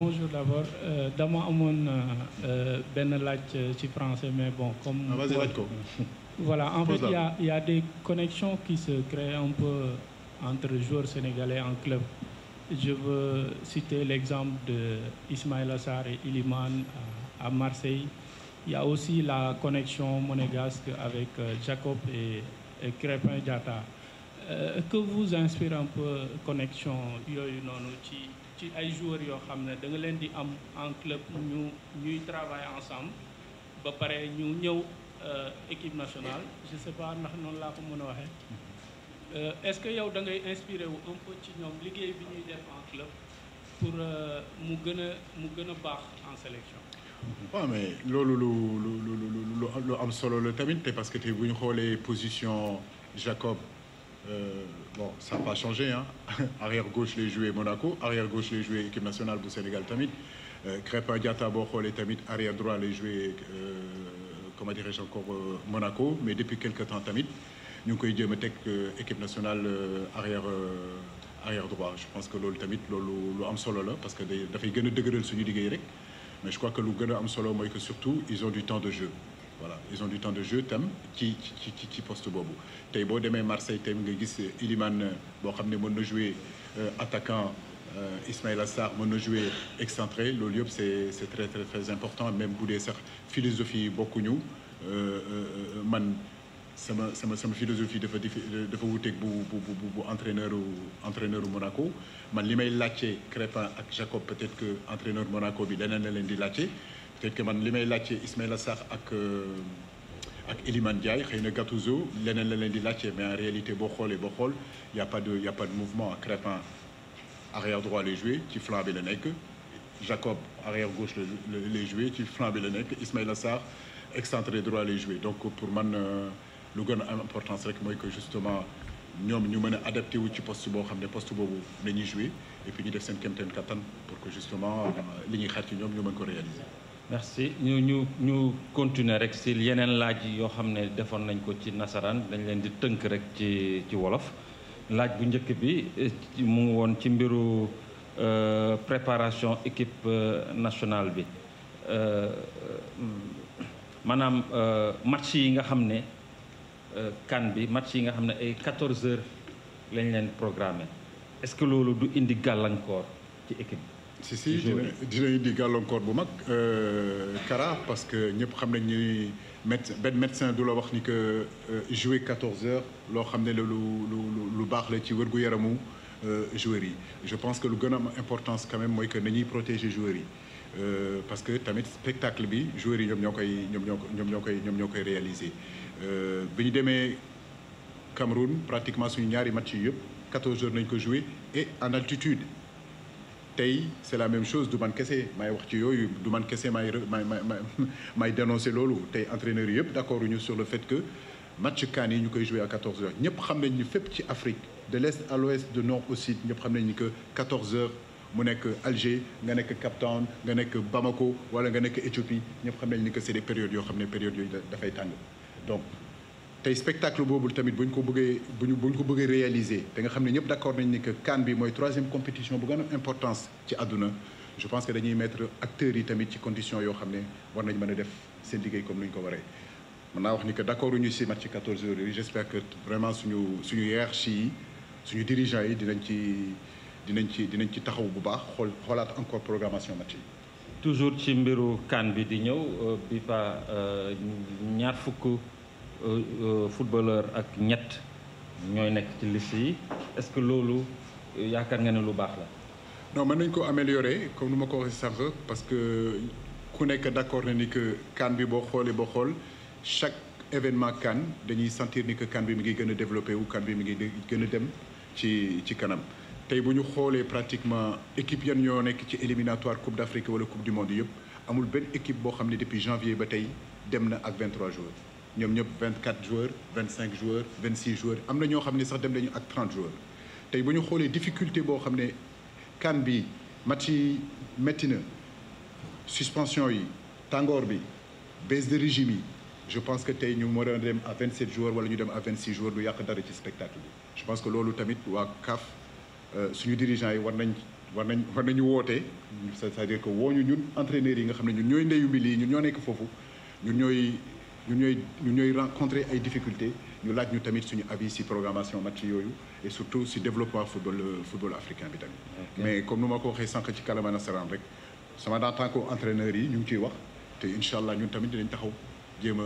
bonjour d'abord euh, dama amoon euh, euh, benn laaj ci français mais bon comme ah, vas voilà en fait il y a y a des connexions qui se créent entre joueurs sénégalais en club je veux citer l'exemple de Ismaïla Sarr et Iliman à, à Marseille il y a aussi la connexion monégasque avec Jacob et, et Crépin Euh, que vous inspire un peu connexion yooyu noonu ci ci ay joueurs yoo xam ne da nga leen di am en club ñu ñuy travailler ensemble ba pare ñu ñëw euh, équipe nationale je sais pas ndax noonu laa ko mën a waxee euh, est-ce que yow da ngay inspiré wu un ci ñoom liggéey bi ñuy def en club pour mu gën a mu gën a baax en sélection waaw mais loolu lu lu lu lu lu am solo la tamit te parce que te bu ñu xoolee position Jacob Euh, bon, ça n'a pas changé. Hein. Arrière gauche, les jouets Monaco. Arrière gauche, les jouets équipe nationale pour Sénégal Tamit. Euh, Crépin Diata, les Tamit. Arrière droit, les jouets, euh, comment dirais-je encore, euh, Monaco. Mais depuis quelques temps, Tamit. Nous avons euh, équipe nationale euh, arrière, arrière droit. Je pense que l'OL Tamit, l'OL am solo là, parce que a fait gagner deux Mais je crois que le gagner am solo, que surtout, ils ont du temps de jeu. voilà ils ont du temps de jeu tam ci ci ci ci poste boobu tey boo demee Marseille tey nga gis Iliman euh, boo xam ne mën na jouer euh, attaquant euh, Ismaïla Sarr mën na jouer excentré loolu yëpp c'est c'est très très très important même bu dee sax philosophie bokkuñu man sama sama sama philosophie dafa difi dafa wuteeg bu bu bu bu entraîneur entraîneur Monaco man li may laajte Crépin ak Jacob peut-être que entraîneur bi leneen la leen di laajte. peut-être man li may laajte Ismaïla Sarr ak euh, ak Elimane Ndiaye xëy na Gattuso leneen la leen di laajte mais en réalité boo xoolee boo xool y' a pas y' a pas de mouvement Crépin arrière droit lay joué ci flanc bi la nekk Jacob arrière gauche la lay joué ci flanc bi la nekk Ismaïla Sarr excentré droit lay joué donc pour man euh, lu gën a am importance rek mooy que justement ñoom ñu mën a adapté wu ci post boo xam ne post boobu la ñuy joué et puis ñu def seen kattan pour que justement euh, li ñuy xaar ci ñoom ñu mën ko réaliser. merci ñu ñu ñu continuer rek si yeneen laaj yoo xam ne defoon nañ ko ci nasaraan dañ leen di tënk rek ci ci wolof laaj bu njëkk bi eh, mu woon ci mbiru euh, préparation équipe euh, nationale bi euh, maanaam match yi nga xam ne kan bi match yi nga xam ne ay 14 heures lañ leen programme est-ce que loolu du indi gàllankoor ci équipe bi si si dinañ di gàllankoor bu mag euh, Kara parce que ñëpp xam nañ ni méde benn médecin du la wax ni que euh, jouer 14 heures loo xam ne la lu lu lu baax la ci wérgu yaramu euh, joueurs yi je pense que lu gën a am importance quand même mooy que nañuy protéger joueurs yi parce que tamit spectacle bi joueurs yi ñoom ñoo koy ñoom ñoo ñoom ñoo koy ñoom ñoo koy réaliser bi ñu demee Cameroun pratiquement suñu ñaari match yi yëpp 14 heures nañ ko jouer et en altitude tey c'est la même chose du man kese may wax ci yooyu du man kese may may may may dénoncer loolu tey entraîneurs yëpp d'accord ñu sur le fait que match CAN yi ñu koy jouer à 14 heures ñëpp xam nañ ni fépp ci Afrique de l'est à l'ouest de nord au sud ñëpp xam nañ ni que 14 heures mu nekk Alger nga nekk Cap Town nga nekk Bamako wala nga nekk Éthiopie ñëpp xam nañ ni que c'est des périodes yoo xam ne périodes yooyu dafay tàng donc. tey spectacle boobu tamit bu ñu ko bëggee bu ñu ko bëggee réaliser te nga xam ne ñëpp d'accord nañ ni que CAN bi mooy troisième compétition bu gën a importance ci àdduna je pense que dañuy mettre acteurs yi tamit ci condition yoo xam ne war nañ mën a def seen liggéey comme ni ñu ko waree. mën naa wax ni que d'accord ñu si match 14 heures yi j'espère que vraiment suñu suñu hiérarchie yi suñu dirigeants yi dinañ ci dinañ ci dinañ ci taxaw bu baax xool xoolaat encore programmation match yi. toujours ci mbiru CAN bi di ñëw bi euh, fa euh, ñaar fukk. Euh, euh, footballeur ak ñett ñooy nekk ci liste yi est-ce que loolu euh, yaakaar nga ne lu baax la. non mën nañ ko améliorer comme nu ma ko waxee sànq parce que ku nekk d'accord na ni que CAN bi boo xoolee boo xool chaque événement CAN dañuy sentir ni que CAN bi mi ngi gën a développé wu CAN bi mi ngi gën dem ci ci kanam. tey bu ñu xoolee pratiquement équipe yan ñoo nekk ci éliminatoire coupe d'Afrique wala coupe du monde yëpp amul benn équipe boo xam ne depuis janvier ba tey dem na ak 23 jours. ñoom ñëpp 24 cinq 25 joueurs 26 joueurs am na ñoo xam ne sax dem nañu ak 30 joueurs tey bu ñu xoolee difficulté boo xam ne kan bi match yi métti na suspension yi tàngoor bi baisse de régime yi je pense que tey ñu waroon dem à 27 joueurs wala ñu dem à 26 joueurs du yàq dara ci spectacle bi. je pense que loolu tamit waa CAF euh, ñu dirigeants yi war nañ war nañ war nañu woote c'est-à-dire que woo ñu ñun entraîneurs yi nga xam ne ñun ñooy ndeyu bi lii ñun ñoo nekk foofu ñu ñooy ñu ñooy rencontrer ay difficultés ñu laaj ñu tamit suñu avis si programmation match yooyu et surtout si développement football euh, football africain bi tamit. mais comme nu ma ko waxee sànq ci kàllaama nasaraan rek sama en tant que entraîneur yi ñu ngi ciy wax te incha allah ñun tamit dañ taxaw jéem a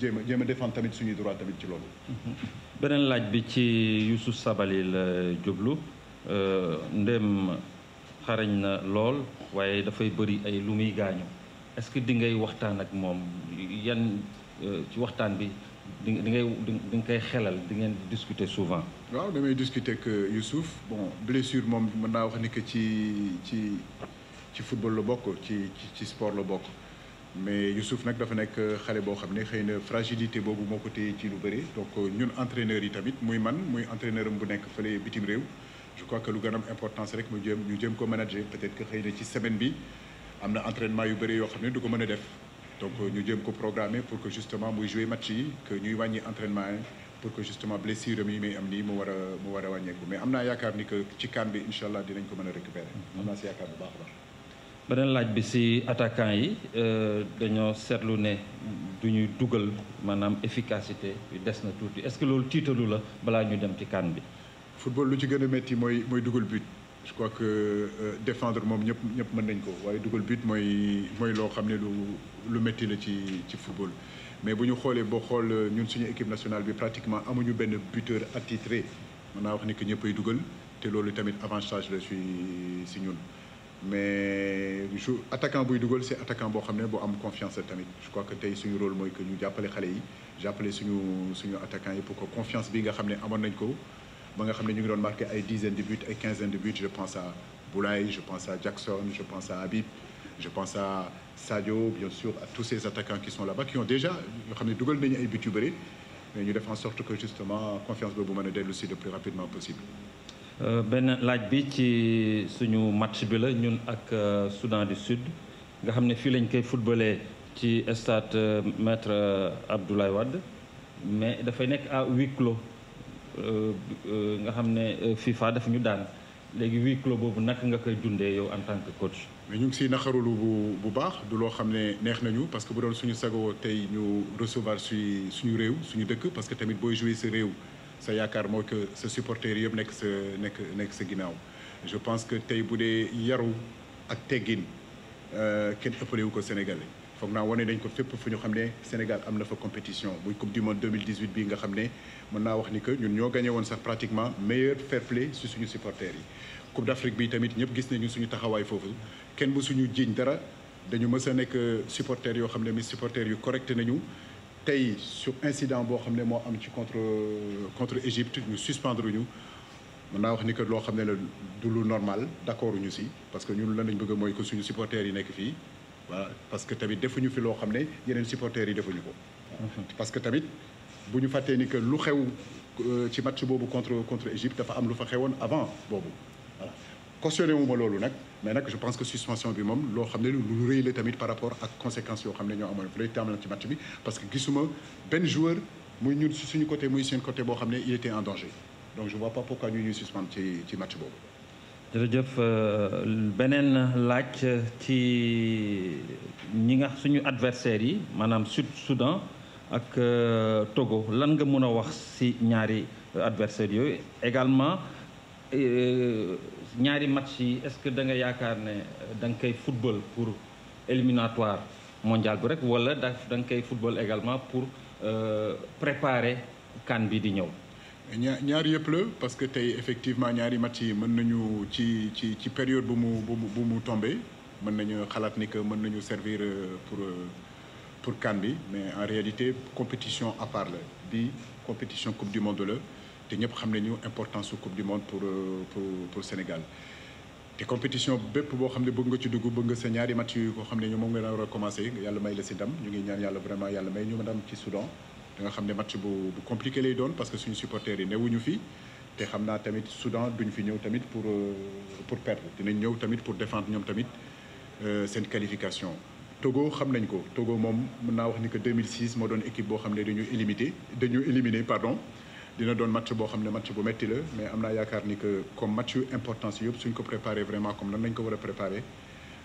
jéem a jéem a défendre tamit suñuy droit tamit ci loolu. Mm-hmm. beneen laaj bi ci Youssouf sabali la jublu euh, ndem xarañ na lool waaye dafay bëri ay lu muy gaañu est-ce que di ngay waxtaan ak moom yan. Euh, ci waxtaan bi di ngay di koy xelal di ngeen discuter souvent. waaw damay discuter ak euh, Youssouf bon blessure moom mën naa wax ni que ci ci ci football la bokk ci ci sport la bokk. mais Youssouf nag dafa nekk euh, xale boo xam ne xëy na fragilité boobu moo ko téye ci lu bëri donc ñun entraîneurs yi tamit muy man muy entraîneur am bu nekk fële bitim réew je crois que lu gën importance rek mu jëm ñu jëm ko manager peut-être que xëy na ci semaine bi am na entraînement yu bëri yoo xam ne du ko mën a def. donc euh, ñu jëm ko programmer pour que justement muy jouer match yi que ñuy wàññi entraînement pour que justement blessure yi may am nii mu war a mu war a wàññeeku mais am naa yaakaar ni que ci kan bi incha allah dinañ ko mën a récupérer. am naa si yaakaar bu baax a baax. beneen laaj bi si attaquant yi euh, dañoo seetlu ne du ñuy dugal maanaam efficacité bi des na tuuti est-ce que loolu tiitalu la balaa ñu dem ci kan bi. football lu ci gën a métti mooy mooy dugal but. je crois que euh, défendre moom ñëpp ñëpp mën nañ ko waaye dugal but mooy mooy loo xam ne lu lu métti la ci ci football. mais bu ñu xoolee boo xool euh, ñun suñu équipe nationale bi pratiquement amuñu benn buteur attitré mën naa wax ni que ñëppay dugal te loolu tamit avantage la si si ñun. mais jou attaquant buy dugal c'est attaquant boo xam ne boo am confiance tamit je crois que tey suñu rôle mooy que ñu jàppale xale yi jàppale suñu suñu attaquant yi ko que confiance bi nga xam ne amoon nañ ko. ba nga xam ne ñu ngi doon marqué ay dizaine de buts ay quinzaine de buts je pense à Boulaye je pense à Jackson je pense à Habib je pense à Sadio bien sûr à tous ces attaquants qui sont là-bas qui ont déjà yoo xam ne dugal nañu ay buts yu bëri mais ñu def en sorte que justement confiance boobu mën a dellu si le plus rapidement possible. Euh, benn laaj bi ci suñu match bi la ñun ak euh, Soudan du Sud nga xam ne fii lañ koy footballé ci stade euh, maître Abdoulaye Wade mais dafay nekk à huis clos. nga xam ne euh, FIFA daf ñu daan léegi huis clos boobu naka nga koy dundee yow en tant que coach. ñu ngi siy naqarulu bu bu baax du loo xam ne neex nañu parce que bu doon suñu sago tey ñu recevoir suñu suñu réew suñu dëkk parce que tamit booy jouer sa réew sa yaakaar moo que sa supporter yëpp nekk sa nekk nekk sa ginnaaw. je pense que tey bu dee yaru ak teggin euh, kenn ëppalewu ko Sénégalais. foog naa wane dañ ko fépp fu ñu xam ne Sénégal am na fa compétition muy coupe du monde 2018 bii nga xam ne mën naa wax ni que ñu ñoo gagné woon sax pratiquement meilleur fair play si suñu supporters yi. coupe d'Afrique bi tamit ñëpp gis nañu suñu taxawaay foofu kenn bu suñu jiiñ dara dañu mës a nekk supporters yoo xam ne mi supporters yu correct nañu. tey su incident boo xam ne moo am ci contre contre Égypte ñu suspendre ñu mën naa wax ni que loo xam ne la du lu normal d'accord ñu si parce que ñun lan lañ bëgg mooy que suñu supporters yi nekk fii. waaw parce que tamit defuñu fi loo xam ne yeneen supporters yi defuñu ko. parce que tamit bu ñu fàttee ni que lu xew euh, ci match boobu contre contre Égypte dafa am lu fa xewoon avant boobu voilà. cautionné wu ma loolu nag mais nag je pense que suspension bi moom loo xam ne lu rëy tamit par rapport a conséquences yoo xam ne ñoo amoon fu lay tàmbali ci match bi parce que gisuma benn joueur muy ñun si suñu côté muy seen côté boo xam ne il était en danger donc je vois pas pourquoi ñu ñuy suspendre ci ci match boobu. Euh, beneen laaj ci. ñi nga suñu adversaires yi maanaam Sud Soudan ak euh, Togo lan nga mën a wax ci ñaari adversaires yooyu également euh, ñaari match yi est-ce que da nga yaakaar ne euh, danga nga koy football pour éliminatoire mondial bi rek wala da da nga koy football également pour préparer kan bi di ñëw ñaar ñaar yëpp la parce que tey effectivement ñaari match yi mën nañu ci ci ci période bu mu bu mu bu mën nañu xalaat ni que mën nañu servir euh, pour euh, pour CAN bi mais en réalité compétition à part la bi compétition coupe du monde la te ñëpp xam nañu importance su coupe du monde pour euh, pour pour Sénégal. te compétition bépp boo xam ne bëgg nga ci dugg bëgg nga sa ñaari match yu ko xam ne ñu moom nga war a commencé yàlla may la si ndam ñu ngi ñaan yàlla vraiment yàlla may ñu ma ndam ci Soudan da nga xam ne match bu bu compliqué lay doon parce que suñu supporters yi newuñu fi te xam naa tamit Soudan duñ fi ñëw tamit pour pour perdre dinañ ñëw tamit pour défendre ñoom tamit Euh, seen qualification Togo xam nañ ko Togo moom mun naa wax ni que 2006 moo doon équipe boo xam ne dañu éliminer dañu éliminer pardon dina doon match boo xam ne match bu métti la mais am naa yaakaar ni que comme match yu importance yëpp suñ ko préparé vraiment comme nan lañ ko war a préparé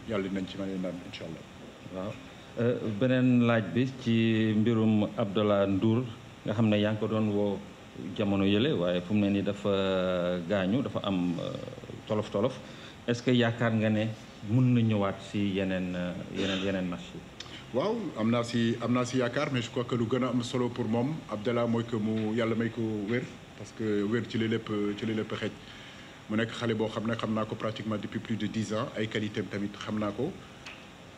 yàlla dinañ ci mën a ndam incha allah. Euh, beneen laaj bi ci mbirum Abdallah Ndour nga xam ne yaa ngi ko doon woo jamono yële waaye fu mu ne nii dafa euh, gaañu dafa am tolof tolof est-ce que yaakaar nga ne. mun na ñëwaat si yeneen euh, yeneen yeneen match yi waaw am naa si am na si yaakaar mais je crois que lu gën a am solo pour moom Abdallah mooy que mu yàlla may ko wér parce que wér ci li lépp ci li lépp xeej mu nekk xale boo xam ne xam naa ko pratiquement depuis de dix ans ay qualité tamit xam naa ko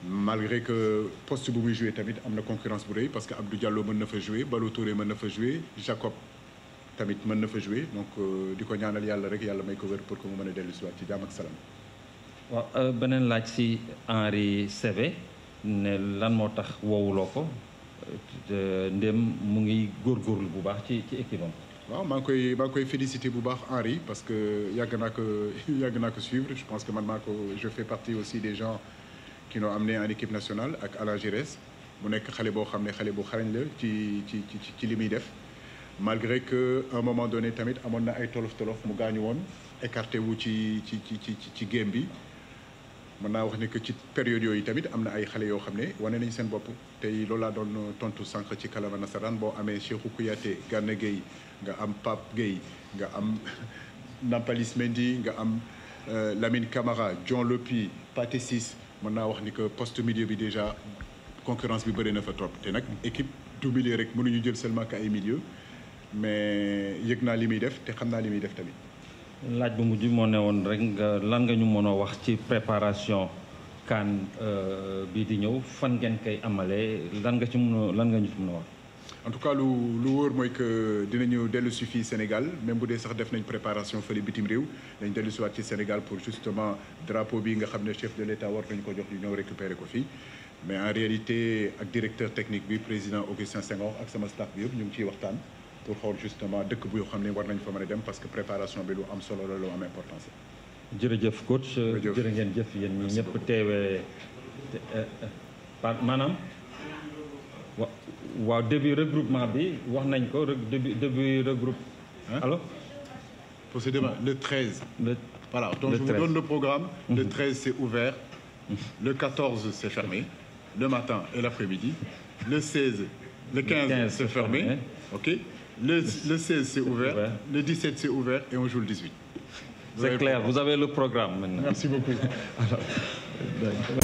malgré que poste bu muy joué tamit am na concurrence bu rëy parce que Abdou Diallo mën na fa joué Ballo Touré mën na fa joué Jacob tamit mën na fa joué donc euh, di ko ñaanal yàlla rek yàlla a dellu ci jàmm ak waaw euh, beneen laaj si Henri Saivet ne lan moo tax woowuloo ko euh, ndem mu ngi góorgóorlu bu baax ci ci équipe am waaw maa ngi koy maa ngi koy féliciter bu baax Henri parce que yàgg naa ko yàgg naa ko suivre je pense que man maa ko je fais partie aussi des gens qui am amené en équipe nationale ak Alain mu nekk xale boo xam ne xale boo xarañ la ci ci ci ci li muy def malgré que à un moment donné tamit amoon na ay tolof tolof mu gaañu woon écarté wu ci ci ci ci ci game bi mën naa wax ne que ci période yooyu tamit am na ay xale yoo xam ne wane nañ seen bopp tey loolu laa doon tontu sànq ci kalama nasaraan boo amee Cheikhou Kouyaté Gana géey nga am pap Gueye nga am Nampalys Mendy nga am euh, Lamine Camara John Lopy Pathé Ciss mën naa wax ni que poste milieu bi déjà concurrence bi bëri na fa trop te nag équipe du milieu rek mënuñu jël seulement que ay milieu mais yëg naa li muy def te xam naa li muy def tamit. laaj bi mujj moo ne woon rek nga lan nga ñu mën a wax ci préparation CAN euh, bii di ñëw fan ngeen koy amalee lan nga ci mën a nga ñu ci wax. en tout cas lu lu mooy que dinañu dellu si fii Sénégal même bu dee sax def nañ préparation fële bitim réew dañ dellu si waat ci Sénégal pour justement drapeau bi nga xam ne chef de l'État war nañu ko jox ñu ñëw récupérer ko fii. mais en réalité ak directeur technique bi président Augustin Senghor ak sama staff bi yëpp ñu ngi ciy waxtaan. pour xool justement dëkk bu yoo xam ne war nañ fa mën a dem parce que préparation bi lu am solo la lu am importance la. jërëjëf coach jërë ngeen jëf yéen ñi ñëpp teewee eh, eh, maanaam. wa waaw début regroupement bi wax nañ ko début début regroupe. alo pour ce demain le 13. le voilà donc je vous donne le programme. le 13 mhm. c'est ouvert. le 14 c'est fermé. le matin et l'après-midi. le 16. le 15 c'est fermé ok. Le, le 16, Le 17, c'est ouvert et on joue le le programme maintenant. Merci beaucoup. Euh,